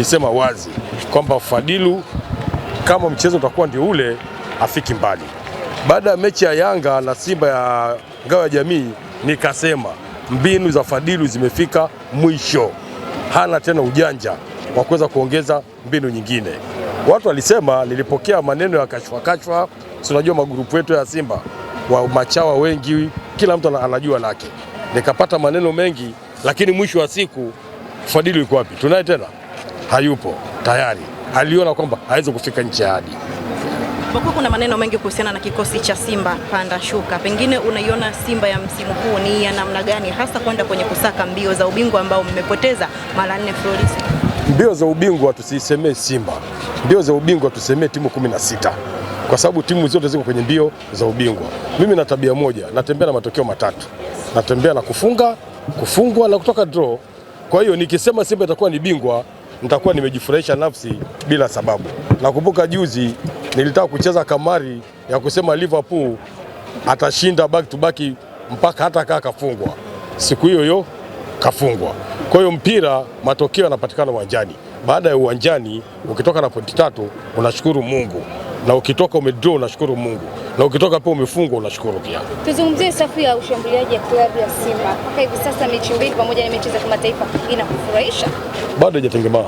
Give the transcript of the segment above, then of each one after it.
Nisema wazi kwamba Fadilu kama mchezo utakuwa ndio ule afiki mbali. Baada ya mechi ya Yanga na Simba ya ngao ya jamii, nikasema mbinu za Fadilu zimefika mwisho, hana tena ujanja wa kuweza kuongeza mbinu nyingine. Watu walisema, nilipokea maneno ya kashfa kashwa si unajua magurupu yetu ya Simba wa machawa wengi, kila mtu anajua lake, nikapata maneno mengi, lakini mwisho wa siku Fadilu yuko wapi? Tunaye tena hayupo tayari, aliona kwamba hawezi kufika nchi ya ahadi. Kwa kuna maneno mengi kuhusiana na kikosi cha Simba panda shuka, pengine unaiona Simba ya msimu huu ni ya namna gani, hasa kwenda kwenye kusaka mbio za ubingwa ambao mmepoteza mara nne mfululizo? Mbio za ubingwa tusisemee Simba, mbio za ubingwa tusemee timu kumi na sita kwa sababu timu zote ziko kwenye mbio za ubingwa. Mimi na tabia moja, natembea na matokeo matatu, natembea na kufunga, kufungwa na kutoka draw. Kwa hiyo nikisema Simba itakuwa ni bingwa nitakuwa nimejifurahisha nafsi bila sababu. Nakumbuka juzi nilitaka kucheza kamari ya kusema Liverpool atashinda back to back mpaka hata kaa kafungwa, siku hiyo hiyo kafungwa. Kwa hiyo mpira, matokeo yanapatikana uwanjani. Baada ya uwanjani, ukitoka na pointi tatu unashukuru Mungu na ukitoka umedraw unashukuru Mungu, na ukitoka pia umefungwa unashukuru pia. Tuzungumzie safu ya ushambuliaji ya klabu ya Simba mpaka hivi sasa, mechi mbili pamoja na mechi za kimataifa, inakufurahisha? Bado haijatengemaa,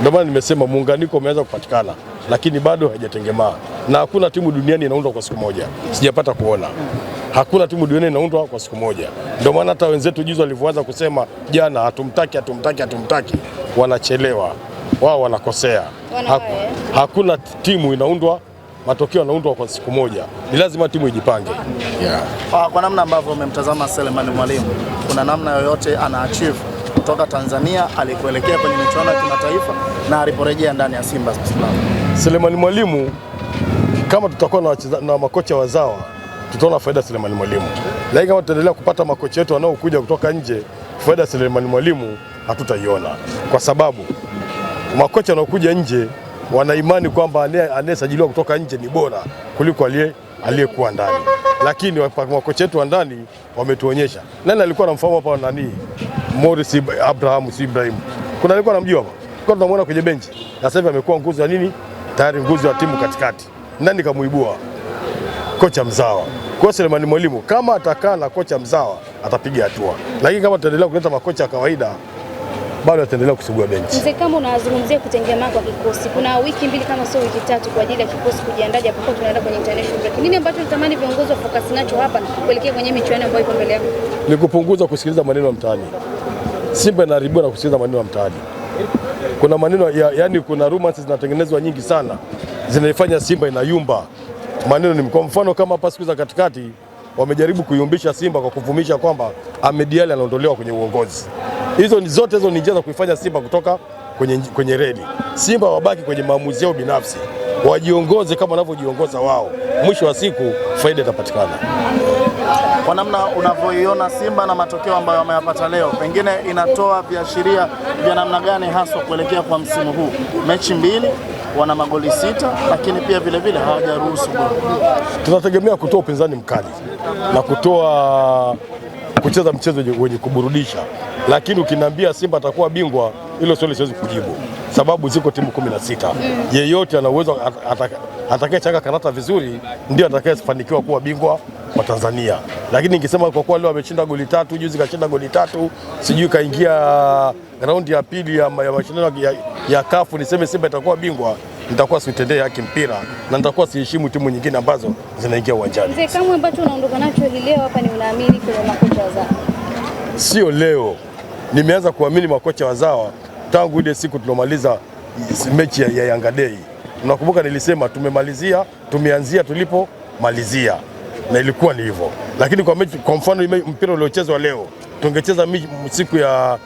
ndio maana nimesema muunganiko umeanza kupatikana, lakini bado haijatengemaa, na hakuna timu duniani inaundwa kwa siku moja. Sijapata kuona hakuna timu duniani inaundwa kwa siku moja. Ndio maana hata wenzetu juzi walivyoanza kusema jana, hatumtaki hatumtaki hatumtaki, wanachelewa wao wanakosea. Haku, hakuna timu inaundwa matokeo yanaundwa kwa siku moja, ni lazima timu ijipange yeah. Ah, kwa namna ambavyo umemtazama Selemani Mwalimu, kuna namna yoyote ana achieve kutoka Tanzania alikuelekea kwenye michuano ya kimataifa na aliporejea ndani ya Simba Selemani Mwalimu, kama tutakuwa na, na makocha wazawa tutaona faida Selemani Mwalimu, lakini kama tutaendelea kupata makocha wetu wanaokuja kutoka nje, faida Selemani Mwalimu hatutaiona kwa sababu makocha wanaokuja nje wanaimani kwamba anayesajiliwa kutoka nje ni bora kuliko aliyekuwa ndani, lakini makocha wetu wa ndani wametuonyesha. Nani alikuwa anamfahamu hapa nani? Morris Abraham Ibrahim, kuna alikuwa anamjua hapa, kwa tunamwona kwenye benchi, na sasa hivi amekuwa nguzo ya nini, tayari nguzo ya timu katikati. Nani kamuibua? Kocha mzawa. Kwa Selemani Mwalimu kama atakaa na kocha mzawa atapiga hatua, lakini kama tutaendelea kuleta makocha ya kawaida bado ataendelea kusugua benchi. Mzee, kama unazungumzia kutengemaa kwa kikosi, kuna wiki mbili kama sio wiki tatu kwa ajili ya kikosi kujiandaa, japokuwa tunaenda kwenye international break, nini ambacho nitamani viongozi wa focus nacho hapa kuelekea kwenye michuano ambayo iko mbele yako? Ni kupunguza kusikiliza maneno ya mtaani. Simba inaharibiwa na kusikiliza maneno ya mtaani. Kuna maneno ya, yani kuna rumors zinatengenezwa nyingi sana zinaifanya Simba inayumba. Maneno ni kwa mfano kama hapa siku za katikati wamejaribu kuyumbisha Simba kwa kuvumisha kwamba Ahmed Ally anaondolewa kwenye uongozi hizo ni zote hizo ni njia za kuifanya Simba kutoka kwenye, kwenye redi. Simba wabaki kwenye maamuzi yao binafsi, wajiongoze kama wanavyojiongoza wao. Mwisho wa siku faida itapatikana. Kwa namna unavyoiona Simba na matokeo ambayo wameyapata leo, pengine inatoa viashiria vya namna gani haswa kuelekea kwa msimu huu? Mechi mbili wana magoli sita, lakini pia vilevile hawajaruhusu. Tunategemea kutoa upinzani mkali na kutoa kucheza mchezo wenye kuburudisha, lakini ukiniambia Simba atakuwa bingwa, hilo swali siwezi kujibu, sababu ziko timu kumi na sita. Mm. Yeyote ana uwezo atakayechanga karata vizuri ndio atakayefanikiwa kuwa bingwa wa Tanzania. Lakini ningesema kwa kuwa leo ameshinda goli tatu, juzi kashinda goli tatu, sijui kaingia raundi ya pili ya mashindano ya, ya, ya kafu, niseme Simba itakuwa bingwa nitakuwa siutendee haki mpira na nitakuwa siheshimu timu nyingine ambazo zinaingia uwanjani. Mzee Kamwe, ambacho unaondoka nacho hii leo hapa ni unaamini kwa makocha wazawa? Sio leo, nimeanza kuamini makocha wazawa tangu ile siku tulomaliza mechi ya Yanga Day. Unakumbuka nilisema tumemalizia, tumeanzia tulipomalizia na ilikuwa ni hivyo, lakini kwa mechi, kwa mfano mpira uliochezwa leo, tungecheza siku ya,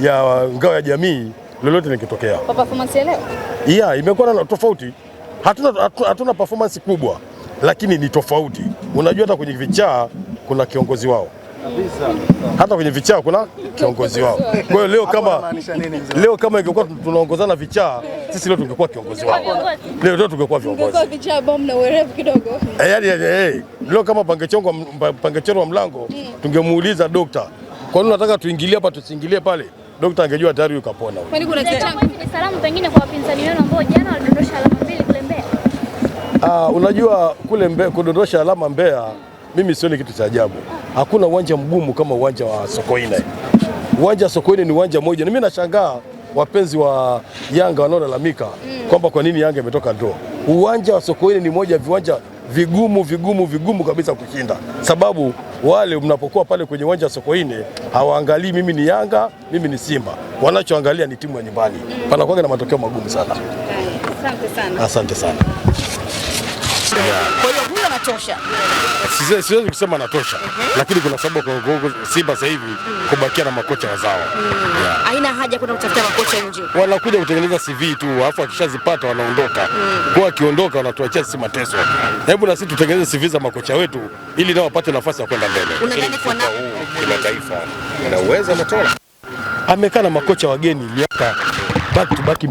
ya ngao ya jamii lolote likitokea. Kwa performance ya leo? Yeah, imekuwa na tofauti. Hatuna, hatuna performance kubwa lakini ni tofauti. Unajua hata kwenye vichaa kuna kiongozi wao hata kwenye vichaa kuna kiongozi wao. Kwa hiyo leo kama leo kama ingekuwa tunaongozana vichaa, sisi leo tungekuwa kiongozi wao, leo leo tungekuwa viongozi eh, eh, leo. Kama pangechongwa pangechorwa mlango, mm. tungemuuliza dokta, kwa nini unataka tuingilie hapa tusiingilie pale? dokta angejua tayari ukapona. Salamu pengine kwa wapinzani wenu ambao jana walidondosha alama mbili kule Mbeya. Ah, unajua kule Mbeya kudondosha alama Mbeya, mimi sioni kitu cha ajabu. Hakuna uwanja mgumu kama uwanja wa Sokoine. Uwanja wa Sokoine ni uwanja mmoja, na mimi nashangaa wapenzi wa Yanga wanaolalamika mm, kwamba kwa nini Yanga imetoka ndoo Uwanja wa Sokoine ni moja viwanja vigumu vigumu vigumu kabisa kushinda, sababu wale mnapokuwa pale kwenye uwanja wa Sokoine hawaangalii mimi ni Yanga, mimi ni Simba, wanachoangalia ni timu ya nyumbani. Panakuwa na matokeo magumu sana. Asante sana. Asante sana anatosha, siwezi kusema anatosha, mhm. lakini kuna sababu kwa Simba sasa hivi kubakia na makocha wazao. Mm. Haina haja kuna kutafuta makocha nje, wanakuja kutengeneza CV tu, alafu akishazipata wanaondoka. Mm. Kwa akiondoka wanatuachia sisi mateso. Hebu na sisi tutengeneze CV za makocha wetu ili nao wapate nafasi ya kwenda mbele. Unadhani kwa nani kimataifa na uwezo Amekaa na makocha wageni miaka back to back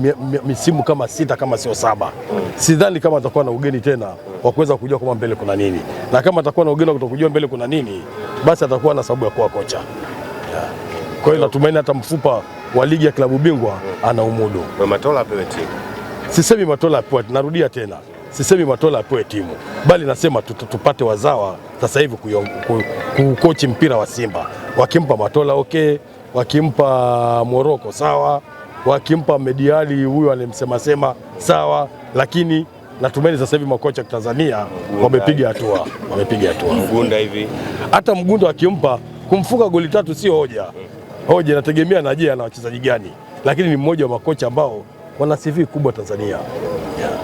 misimu kama sita kama sio saba, sidhani kama atakuwa na ugeni tena wa kuweza kujua kama mbele kuna nini, na kama atakuwa na ugeni wa kutokujua mbele kuna nini, basi atakuwa na sababu ya kuwa kocha yeah. Kwa hiyo natumaini hata mfupa wa ligi ya klabu bingwa ana umudu. Matola apewe timu, sisemi Matola apewe, narudia tena sisemi Matola apewe timu, bali nasema tupate wazawa sasa hivi kukochi mpira wa Simba. Wakimpa Matola okay, wakimpa Moroko sawa wakimpa mediali huyo sema sawa, lakini natumaini sasa hivi makocha Tanzania wamepiga hatua, wamepiga hatua. Mgunda hivi hata Mgunda akimpa kumfunga goli tatu sio hoja. Hoja inategemea na je, ana wachezaji gani, lakini ni mmoja wa makocha ambao wana CV kubwa Tanzania.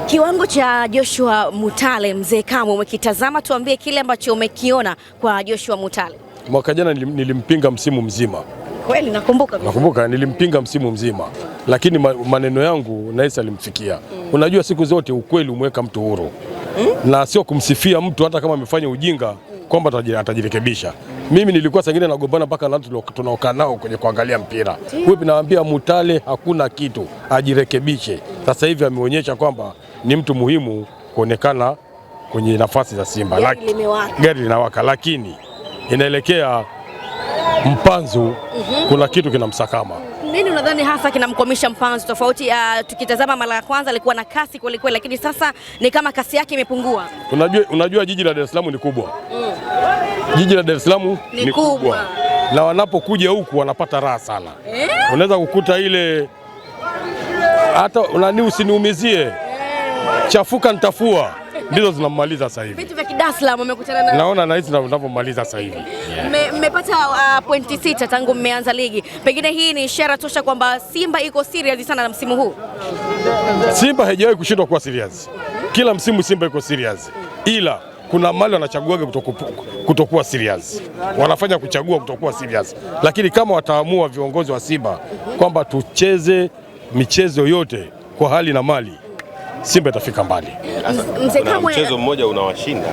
Kiwango cha Joshua Mutale, mzee Kamwe, umekitazama? Tuambie kile ambacho umekiona kwa Joshua Mutale. Mwaka jana nilimpinga msimu mzima Kweli nakumbuka vizuri. Nakumbuka nilimpinga msimu mzima, lakini maneno yangu naisi alimfikia. Mm. Unajua siku zote ukweli umweka mtu huru. Mm. Na sio kumsifia mtu hata kama amefanya ujinga mm. kwamba atajirekebisha. Mimi nilikuwa sangine nagombana mpaka na tunaokaa nao kwenye kuangalia mpira. Wewe naambia Mutale hakuna kitu, ajirekebishe. Sasa hivi ameonyesha kwamba ni mtu muhimu kuonekana kwenye nafasi za Simba. Gari limewaka, gari linawaka, lakini inaelekea Mpanzu mm -hmm. kuna kitu kinamsakama. Nini unadhani hasa kinamkwamisha Mpanzu tofauti? Uh, tukitazama mara ya kwanza alikuwa na kasi kweli kweli, lakini sasa ni kama kasi yake imepungua. Unajua, unajua jiji la Dar es ni kubwa mm. jiji la Dar es ni, ni kubwa, kubwa na wanapokuja huku wanapata raha sana eh? Unaweza kukuta ile hata nani, usiniumizie eh. Chafuka nitafua ndizo zinammaliza sasa hivi. Vitu vya kidaslam umekutana na naona na hizi ninavyomaliza sasa hivi. Mmepata uh, pointi sita tangu mmeanza ligi, pengine hii ni ishara tosha kwamba Simba iko serious sana na msimu huu. Simba haijawahi kushindwa kuwa serious, kila msimu Simba iko serious, ila kuna mali wanachaguaga kutokuwa serious, wanafanya kuchagua kutokuwa serious. Lakini kama wataamua viongozi wa Simba kwamba tucheze michezo yote kwa hali na mali Simba itafika mbali. Mchezo mmoja unawashinda,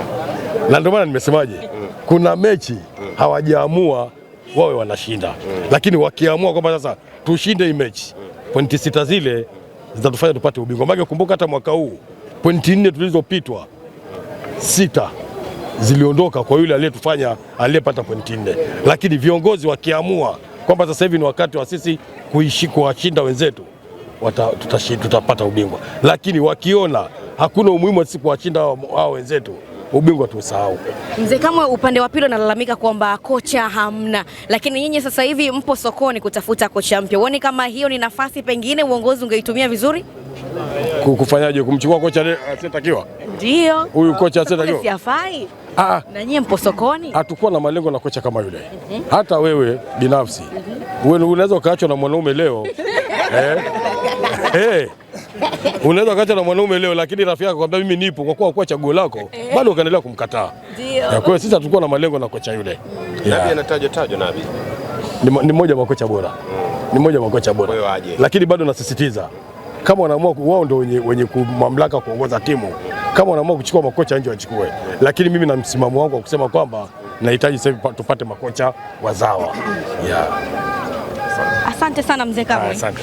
na ndio maana nimesemaje, mm. kuna mechi mm. hawajaamua wawe wanashinda mm. lakini wakiamua kwamba sasa tushinde hii mechi mm. pointi sita zile zitatufanya tupate ubingwa. Maana kumbuka hata mwaka huu pointi nne tulizopitwa sita ziliondoka kwa yule aliyetufanya aliyepata pointi nne, lakini viongozi wakiamua kwamba sasa hivi ni wakati wa sisi kuishi kuwashinda wenzetu tutapata ubingwa, lakini wakiona hakuna umuhimu wa sisi kuwashinda hao wenzetu ubingwa tusahau. Mzee Kamwe, upande wa pili analalamika kwamba kocha hamna, lakini nyinyi sasa hivi mpo sokoni kutafuta kocha mpya. Uone kama hiyo ni nafasi pengine uongozi ungeitumia vizuri? Kufanyaje? kumchukua kocha asiyetakiwa? Ndio huyu kocha asiyetakiwa, si afai. Ah, ah, na nyinyi mpo sokoni, hatakuwa na malengo na kocha kama yule. mm -hmm. hata wewe binafsi mm -hmm. wewe unaweza ukaachwa na mwanaume leo eh? Eh. Unaweza kacha na mwanaume leo, lakini rafiki yako akwambia mimi nipo kwa kuwa kwa chaguo lako, eh. bado ukaendelea kumkataa. Kwa hiyo sisi hatukuwa na malengo na kocha yule. Nabi anatajwa tajwa Nabi. ni mmoja kocha bora, mm. ni mmoja kocha bora, lakini bado nasisitiza kama wanaamua wao ndio wenye, wenye mamlaka kuongoza timu, kama wanaamua kuchukua makocha nje wachukue, lakini mimi na msimamo wangu wa kusema kwamba nahitaji sasa tupate makocha wazawa yeah. Asante sana mzee Kamwe.